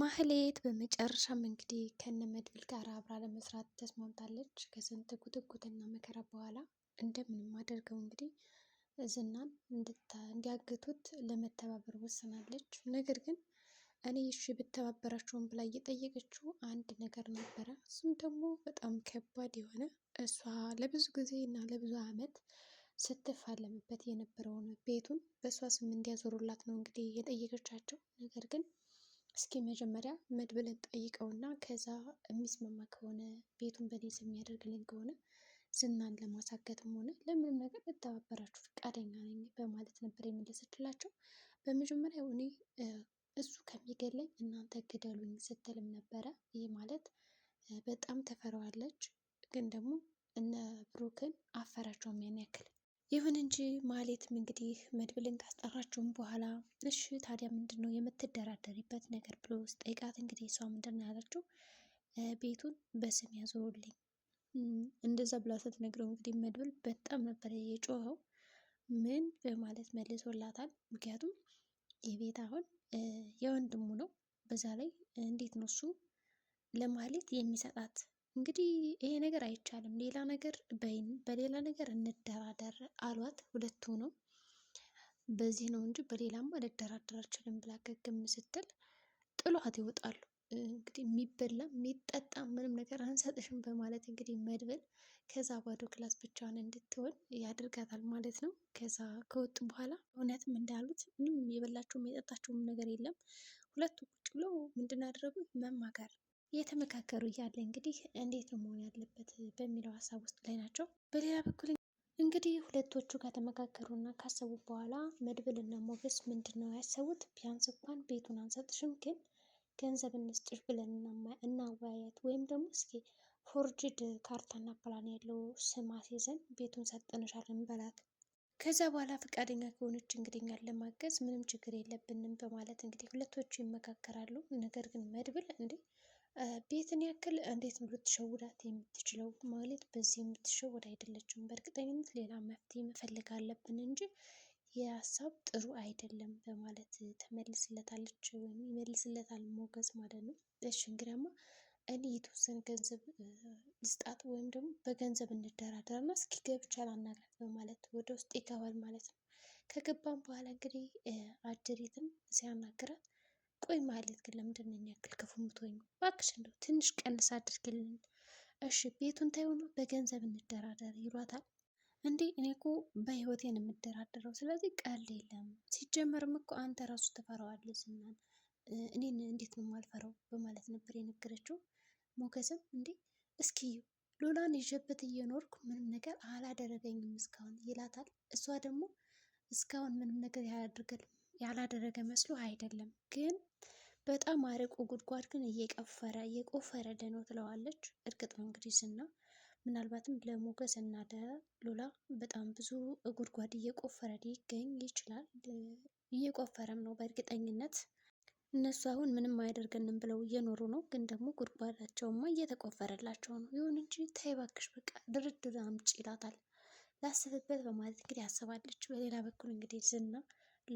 ማህሌት በመጨረሻም እንግዲህ ከነ መድብል ጋር አብራ ለመስራት ተስማምታለች። ከስንት ጉትጉትና መከራ በኋላ እንደምንም አድርገው እንግዲህ ዝናን እንዲያግቱት ለመተባበር ወስናለች። ነገር ግን እኔ እሺ ብተባበራቸውን ብላ እየጠየቀችው አንድ ነገር ነበረ። እሱም ደግሞ በጣም ከባድ የሆነ እሷ ለብዙ ጊዜ እና ለብዙ ዓመት ስትፋለምበት የነበረውን ቤቱን በእሷ ስም እንዲያዞሩላት ነው እንግዲህ የጠየቀቻቸው። ነገር ግን እስኪ መጀመሪያ መድብልን እና ከዛ የሚስማማ ከሆነ ቤቱን በእኔ ስም የሚያደርግልኝ ከሆነ ዝናን ለማሳገትም ሆነ ለምንም ነገር ልተባበራችሁ ፈቃደኛ ነኝ በማለት ነበር የመለሰችላቸው። በመጀመሪያ እኔ እሱ ከሚገለኝ እናንተ ግደሉኝ ስትልም ነበረ። ይህ ማለት በጣም ተፈራዋለች፣ ግን ደግሞ እነ ብሩክን አፈራቸውም ያን ያክል ይሁን እንጂ ማሌትም እንግዲህ መድብልን ካስጠራችሁም በኋላ እሺ ታዲያ ምንድን ነው የምትደራደሪበት ነገር ብሎ ስጠይቃት እንግዲህ እሷ ምንድን ነው ያለችው ቤቱን በስም ያዞሩልኝ እንደዛ ብላ ስትነግረው እንግዲህ መድብል በጣም ነበር የጮኸው። ምን በማለት መልሶላታል። ምክንያቱም የቤት አሁን የወንድሙ ነው። በዛ ላይ እንዴት ነው እሱ ለማሌት የሚሰጣት እንግዲህ ይሄ ነገር አይቻልም፣ ሌላ ነገር በይን፣ በሌላ ነገር እንደራደር አሏት ሁለቱ ነው። በዚህ ነው እንጂ በሌላማ ልደራደር አልችልም ብላ ገግም ስትል ጥሏት ይወጣሉ። እንግዲህ የሚበላ የሚጠጣ ምንም ነገር አንሰጥሽም በማለት እንግዲህ መድብል ከዛ ባዶ ክላስ ብቻዋን እንድትሆን ያደርጋታል ማለት ነው። ከዛ ከወጡ በኋላ እውነትም እንዳሉት ምንም የበላቸውም የጠጣቸውም ነገር የለም። ሁለቱ ቁጭ ብለው ምንድን ያደረጉት መማከር እየተመካከሩ እያለ እንግዲህ እንዴት ነው መሆን ያለበት በሚለው ሀሳብ ውስጥ ላይ ናቸው። በሌላ በኩል እንግዲህ ሁለቶቹ እና ካሰቡ በኋላ እና ሞገስ ምንድን ነው ያሰቡት? ቢያንስ እንኳን ቤቱን አንሰጥሽም፣ ግን ገንዘብ እንስጥሽ ብለን እናወያያት ወይም ደግሞ እስኪ ፎርጅድ ካርታና ፕላን ያለው ስም አስይዘን ቤቱን ሰጥንሻል እንበላት ከዛ በኋላ ፈቃደኛ ከሆነች እንግዲህ እኛን ለማገዝ ምንም ችግር የለብንም በማለት እንግዲህ ሁለቶቹ ይመካከራሉ። ነገር ግን መድብል እንዴ ቤትን ያክል እንዴት ነው ልትሸውዳት የምትችለው? ማለት በዚህ የምትሸወድ አይደለችም። በእርግጠኝነት ሌላ መፍትሄ መፈለግ አለብን እንጂ የሀሳብ ጥሩ አይደለም በማለት ተመልስለታለች፣ ወይም ይመልስለታል ሞገስ ማለት ነው። እሺ እንግዲያማ እኔ የተወሰነ ገንዘብ ልስጣት ወይም ደግሞ በገንዘብ እንደራደር እና እስኪ ገብቻ ላናግራት በማለት ወደ ውስጥ ይገባል ማለት ነው። ከገባም በኋላ እንግዲህ አጀሪትም ሲያናግራት ቆይ ማለት ግን ለምንድን ነው ያክል ክፉ የምትሆኝ? እባክሽ እንደው ትንሽ ቀንስ አድርግልን። እሺ ቤቱን ታይሆኑ በገንዘብ እንደራደር ይሏታል። እንዴ እኔ እኮ በህይወቴን የምደራደረው ስለዚህ ቀል የለም። ሲጀመርም እኮ አንተ ራሱ ትፈራዋለህ ዝናን፣ እኔን እንዴት ነው የማልፈራው በማለት ነበር የነገረችው። ሞገስም እንዴ እስኪ ሎላን ይዤበት እየኖርኩ ምንም ነገር አላደረገኝም እስካሁን ይላታል። እሷ ደግሞ እስካሁን ምንም ነገር ያላደርገልኝ ያላደረገ መስሎ አይደለም፣ ግን በጣም አርቆ ጉድጓድ ግን እየቀፈረ እየቆፈረ ደኖ ትለዋለች። እርግጥ ነው እንግዲህ ዝና ምናልባትም ለሞገስ እና ለሉላ በጣም ብዙ ጉድጓድ እየቆፈረ ሊገኝ ይችላል። እየቆፈረም ነው በእርግጠኝነት። እነሱ አሁን ምንም አያደርገንም ብለው እየኖሩ ነው፣ ግን ደግሞ ጉድጓዳቸውማ እየተቆፈረላቸው ነው። ይሁን እንጂ ተይ እባክሽ በቃ ድርድር አምጪ ይላታል። ላስብበት በማለት እንግዲህ አስባለች። በሌላ በኩል እንግዲህ ዝና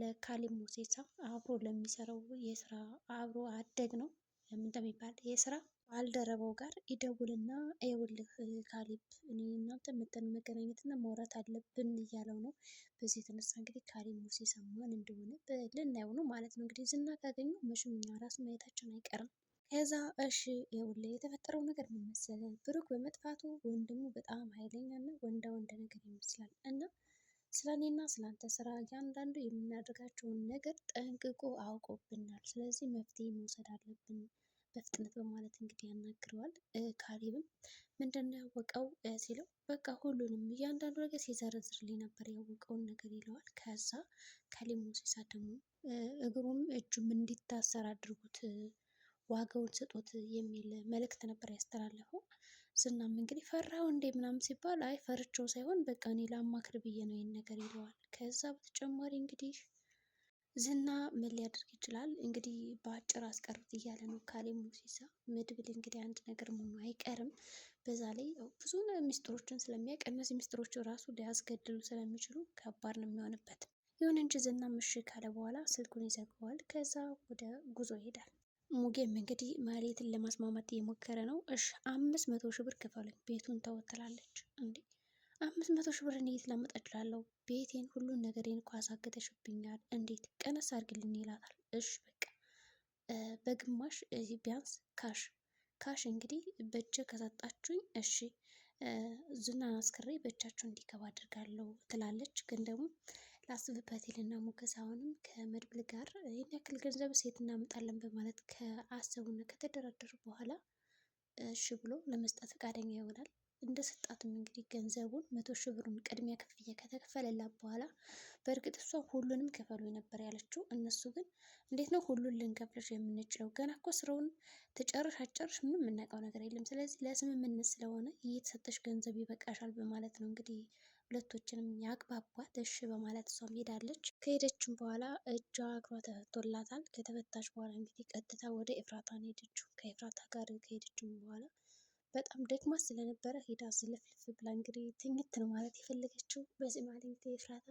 ለካሌብ ሙሴሳ አብሮ ለሚሰራው የስራ አብሮ አደግ ነው ምን እንደሚባል የስራ ባልደረባው ጋር ይደውልና ይኸውልህ ካሌብ እኔ እናንተ መጠን መገናኘት እና ማውራት አለብን እያለው ነው። በዚህ የተነሳ እንግዲህ ካሊብ ሙሴሳ ማን እንደሆነ ልናየው ነው ማለት ነው። እንግዲህ ዝና ካገኙ መቼም እኛ ራሱ ማየታችን አይቀርም። ከዛ እሺ ይኸውልህ የተፈጠረው ነገር ምን መሰለህ፣ ብሩክ በመጥፋቱ ወንድሙ በጣም ኃይለኛ እና ወንዳ ወንድ ነገር ይመስላል እና ስለ እኔና ስለ አንተ ስራ እያንዳንዱ የምናደርጋቸውን ነገር ጠንቅቆ አውቆብናል። ስለዚህ መፍትሄ መውሰድ አለብን በፍጥነት በማለት እንግዲህ ያናግረዋል። ካሌብም ምንድን ነው ያወቀው ሲለው በቃ ሁሉንም እያንዳንዱ ነገር ሲዘረዝርልኝ ነበር ያወቀውን ነገር ይለዋል። ከዛ ከሌሞሲሳ ደግሞ እግሩም እጁም እንዲታሰር አድርጉት ዋጋውን ስጡት የሚል መልእክት ነበር ያስተላለፈው። ዝናም እንግዲህ ፈራው እንዴ ምናምን ሲባል አይ ፈርቼው ሳይሆን በቃ እኔ ላማክር ብዬ ነው ይህን ነገር ይለዋል። ከዛ በተጨማሪ እንግዲህ ዝና ምን ሊያደርግ ይችላል እንግዲህ በአጭር አስቀርት እያለ ነው ካሌብ ሙሲሳ። መድብል እንግዲህ አንድ ነገር መሆኑ አይቀርም። በዛ ላይ ብዙ ሚስጥሮችን ስለሚያውቅ እነዚህ ሚስጥሮች ራሱ ሊያስገድሉ ስለሚችሉ ከባድ ነው የሚሆንበት። ይሁን እንጂ ዝና ምሽ ካለ በኋላ ስልኩን ይዘግበዋል። ከዛ ወደ ጉዞ ይሄዳል። ሙጌም እንግዲህ ማህሌትን ለማስማማት እየሞከረ ነው። እሺ አምስት መቶ ሺህ ብር ክፈሉኝ ቤቱን ተወትላለች። እንዴ አምስት መቶ ሺህ ብር እንዴት ላመጣ እችላለሁ? ቤቴን ሁሉን ነገሬን እኮ አሳገተሽብኛል። እንዴት ቀነስ አድርግልኝ ይላታል። እሺ በቃ በግማሽ ቢያንስ ካሽ ካሽ እንግዲህ በእጅ ከሰጣችሁኝ እሺ ዝናን አስክሬ በእጃችሁ እንዲገባ አድርጋለሁ ትላለች ግን ደግሞ ላስብበት ይልና ሞገስ አሁንም ከመድብል ጋር ይህን ያክል ገንዘብ ሴት እናመጣለን በማለት ከአሰቡና ከተደራደሩ በኋላ እሺ ብሎ ለመስጠት ፈቃደኛ ይሆናል። እንደ ሰጣትም እንግዲህ ገንዘቡን መቶ ሺ ብሩን ቅድሚያ ክፍያ ከተከፈለላት በኋላ በእርግጥ እሷ ሁሉንም ክፈሉ ነበር ያለችው። እነሱ ግን እንዴት ነው ሁሉን ልንከፍልሽ የምንችለው? ገና እኮ ስራውን ተጨርሽ አጨርሽ ምንም የምናውቀው ነገር የለም። ስለዚህ ለስምምነት ስለሆነ እየተሰጠሽ ገንዘብ ይበቃሻል በማለት ነው እንግዲህ ሁለቶችንም ያግባቧት እሺ በማለት እሷም ሄዳለች። ከሄደችም በኋላ እጇ እግሯ ተፈቶላታል። ከተፈታች በኋላ እንግዲህ ቀጥታ ወደ ኤፍራታ ነው ሄደችው። ከኤፍራታ ጋር ከሄደችም በኋላ በጣም ደክማ ስለነበረ ሄዳ ዝልፍልፍ ብላ እንግዲህ ትኝት ነው ማለት የፈለገችው። በዚህ ማለት እንግዲህ ኤፍራታ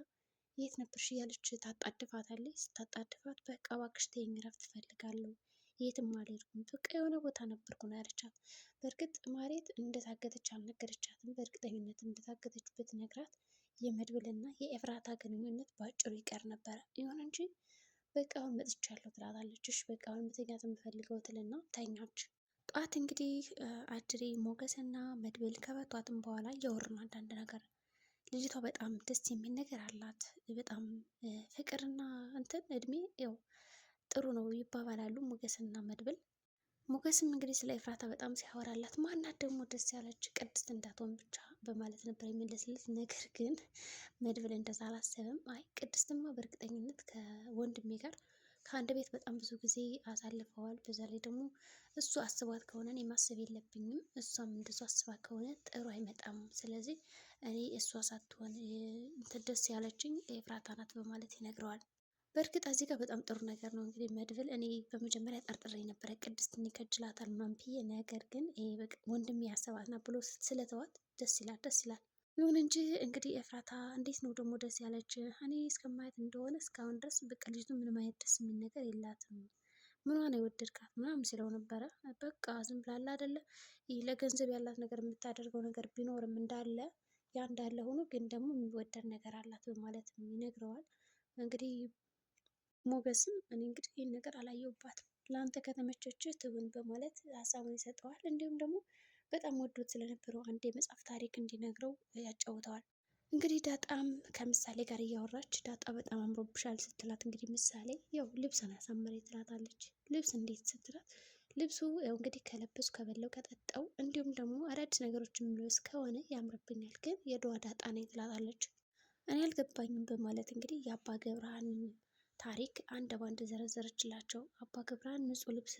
የት ነበርሽ እያለች ታጣድፋታለች። ስታጣድፋት በቃ እባክሽ ተይኝ እረፍት እፈልጋለሁ የትም አልሄድኩም በቃ የሆነ ቦታ ነበርኩ ነው ያለቻት። በእርግጥ ማሬት እንደታገተች አልነገረቻትም። በእርግጠኝነት እንደታገተች ብትነግራት የመድብልና የኤፍራታ ግንኙነት በአጭሩ ይቀር ነበረ። ይሁን እንጂ በቃ አሁን መጥቻለሁ ትላታለች። እሺ በቃ አሁን መተኛት የምፈልገው ትልና ተኛች። ጠዋት እንግዲህ አድሬ ሞገስና መድብል ከበቷትም በኋላ እያወሩን አንዳንድ ነገር ልጅቷ በጣም ደስ የሚል ነገር አላት። በጣም ፍቅርና እንትን እድሜ ያው ጥሩ ነው ይባባላሉ ሞገስና መድብል። ሞገስም እንግዲህ ስለ ኤፍራታ በጣም ሲያወራላት ማናት ደግሞ ደስ ያለች ቅድስት እንዳትሆን ብቻ በማለት ነበር የመለስለት። ነገር ግን መድብል እንደዛ አላሰበም። አይ ቅድስትማ በእርግጠኝነት ከወንድሜ ጋር ከአንድ ቤት በጣም ብዙ ጊዜ አሳልፈዋል። በዛ ላይ ደግሞ እሱ አስባት ከሆነ እኔ ማሰብ የለብኝም፣ እሷም እንደሱ አስባት ከሆነ ጥሩ አይመጣም። ስለዚህ እኔ እሷ ሳትሆን ደስ ያለችኝ ኤፍራታ ናት በማለት ይነግረዋል። በእርግጥ እዚህ ጋር በጣም ጥሩ ነገር ነው እንግዲህ መድብል። እኔ በመጀመሪያ ጠርጥሬ ነበረ ቅድስት ይከጅላታል ምናምን ብዬ፣ ነገር ግን ወንድሜ ያሰባትና ብሎ ስለተዋት ደስ ይላል፣ ደስ ይላል። ይሁን እንጂ እንግዲህ ኤፍራታ እንዴት ነው ደግሞ ደስ ያለች? እኔ እስከማየት እንደሆነ እስካሁን ድረስ በቃ ልጅቱ ምንም አይነት ደስ የሚል ነገር የላትም። ምኗን የወደድካት ምናምን ሲለው ነበረ። በቃ ዝም ብላለ አደለ ለገንዘብ ያላት ነገር የምታደርገው ነገር ቢኖርም እንዳለ ያ እንዳለ ሆኖ ግን ደግሞ የሚወደድ ነገር አላት በማለት ይነግረዋል። እንግዲህ ሞገስም እኔ እንግዲህ ይህን ነገር አላየውባትም፣ ለአንተ ከተመቸች ትውን በማለት ሀሳቡን ይሰጠዋል። እንዲሁም ደግሞ በጣም ወዶት ስለነበረው አንድ የመጽሐፍ ታሪክ እንዲነግረው ያጫውተዋል። እንግዲህ ዳጣም ከምሳሌ ጋር እያወራች ዳጣ በጣም አምሮብሻል ስትላት እንግዲህ ምሳሌ ያው ልብስን አሳምሬ ትላታለች። ልብስ እንዴት ስትላት ልብሱ ያው እንግዲህ ከለበሱ ከበለው ከጠጣው እንዲሁም ደግሞ አዳዲስ ነገሮችን የሚለብስ ከሆነ ያምርብኛል፣ ግን የድዋ ዳጣ ነኝ ትላታለች። እኔ አልገባኝም በማለት እንግዲህ የአባ ገብረሃን ታሪክ አንድ ባንድ ዘረዘረችላቸው። አባ ገብርሃን ንጹህ ልብስ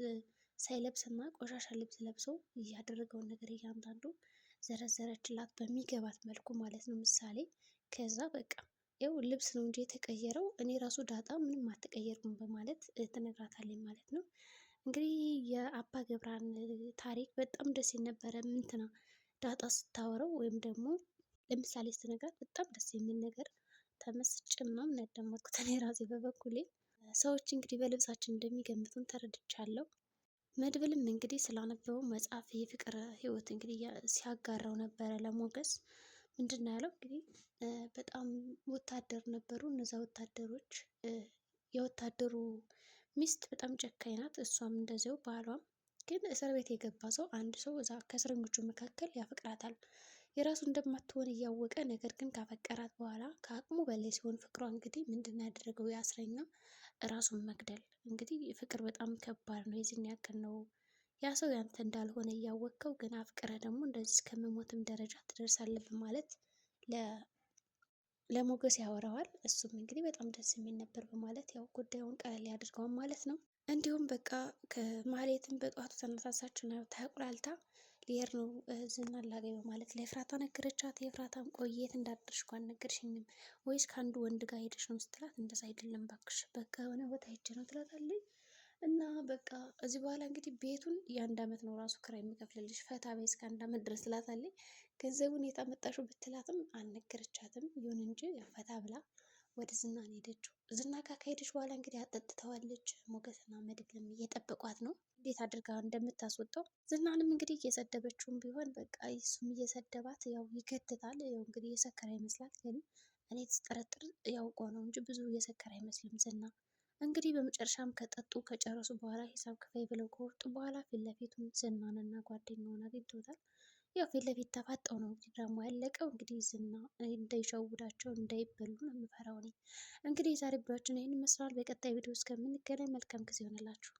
ሳይለብስ እና ቆሻሻ ልብስ ለብሶ ያደረገውን ነገር እያንዳንዱ ዘረዘረችላት በሚገባት መልኩ ማለት ነው። ምሳሌ ከዛ በቃ ያው ልብስ ነው እንጂ የተቀየረው እኔ ራሱ ዳጣ ምንም አትቀየርኩም በማለት ትነግራታለች ማለት ነው። እንግዲህ የአባ ገብርሃን ታሪክ በጣም ደስ የነበረ ምንትና ዳጣ ስታወረው ወይም ደግሞ ለምሳሌ ስትነግራት በጣም ደስ የሚል ነገር ተመስጭምም ነው ያዳመጥኩት። እኔ ራሴ በበኩሌ ሰዎች እንግዲህ በልብሳችን እንደሚገምቱን ተረድቻለሁ። መድብልም እንግዲህ ስላነበበው መጽሐፍ የፍቅር ህይወት እንግዲህ ሲያጋራው ነበረ ለሞገስ ምንድን ነው ያለው እንግዲህ በጣም ወታደር ነበሩ እነዛ ወታደሮች። የወታደሩ ሚስት በጣም ጨካኝ ናት፣ እሷም እንደዚያው ባሏም። ግን እስር ቤት የገባ ሰው አንድ ሰው እዛ ከእስረኞቹ መካከል ያፈቅራታል። የራሱ እንደማትሆን እያወቀ ነገር ግን ካፈቀራት በኋላ ከአቅሙ በላይ ሲሆን ፍቅሯ እንግዲህ ምንድን ያደረገው የአስረኛ ራሱን መግደል። እንግዲህ ፍቅር በጣም ከባድ ነው። የዚህን ያክል ነው ያ ሰው ያንተ እንዳልሆነ እያወቅከው ግን አፍቅረህ ደግሞ እንደዚህ ከመሞትም ደረጃ ትደርሳለህ ማለት ለሞገስ ያወራዋል። እሱም እንግዲህ በጣም ደስ የሚል ነበር በማለት ያው ጉዳዩን ቀለል ያድርገዋል ማለት ነው። እንዲሁም በቃ ከማህሌትን በጠዋቱ ተነሳሳችና ተቆላልታ ሊሄድ ነው ዝናን ላገኝ በማለት ለኤፍራታ ነገረቻት። የኤፍራታም ቆየት እንዳደርሽ እኮ አልነገርሽኝም ወይስ ከአንዱ ወንድ ጋር ሄደሽ ነው ስትላት፣ እንደዛ አይደለም ባክሽ በቃ የሆነ ቦታ ሄጄ ነው ትላታለች። እና በቃ እዚህ በኋላ እንግዲህ ቤቱን የአንድ አመት ነው ራሱ ክራይ የሚከፍልልሽ ፈታ ቤት እስከ አንድ አመት ድረስ ትላታለች። ገንዘቡን የታመጣሽው ብትላትም አልነገረቻትም። ይሁን እንጂ ፈታ ብላ ወደ ዝና ሄደችው። ዝና ጋር ከሄደች በኋላ እንግዲህ አጠጥተዋለች። ሞገስና መድብልም እየጠበቋት ነው። እንዴት አድርጋ እንደምታስወጣው ዝናንም እንግዲህ እየሰደበችውም ቢሆን በቃ እሱም እየሰደባት ያው ይከትታል። ያው እንግዲህ እየሰከረ ይመስላል፣ ግን እኔ ስጠረጥር ያውቆ ነው እንጂ ብዙ እየሰከረ አይመስልም ዝና። እንግዲህ በመጨረሻም ከጠጡ ከጨረሱ በኋላ ሂሳብ ክፈይ ብለው ከወጡ በኋላ ፊት ለፊቱን ዝናንና ጓደኛውን አግኝቶታል። ያው ፊት ለፊት ተፋጠው ነው እንግዲህ ያለቀው። እንግዲህ ዝና እንዳይሸውዳቸው እንዳይበሉ ነው የምፈራው እኔ። እንግዲህ የዛሬ ቪዲዮችን ይህን ይመስላል። በቀጣይ ቪዲዮ እስከምንገናኝ መልካም ጊዜ ይሆንላችሁ።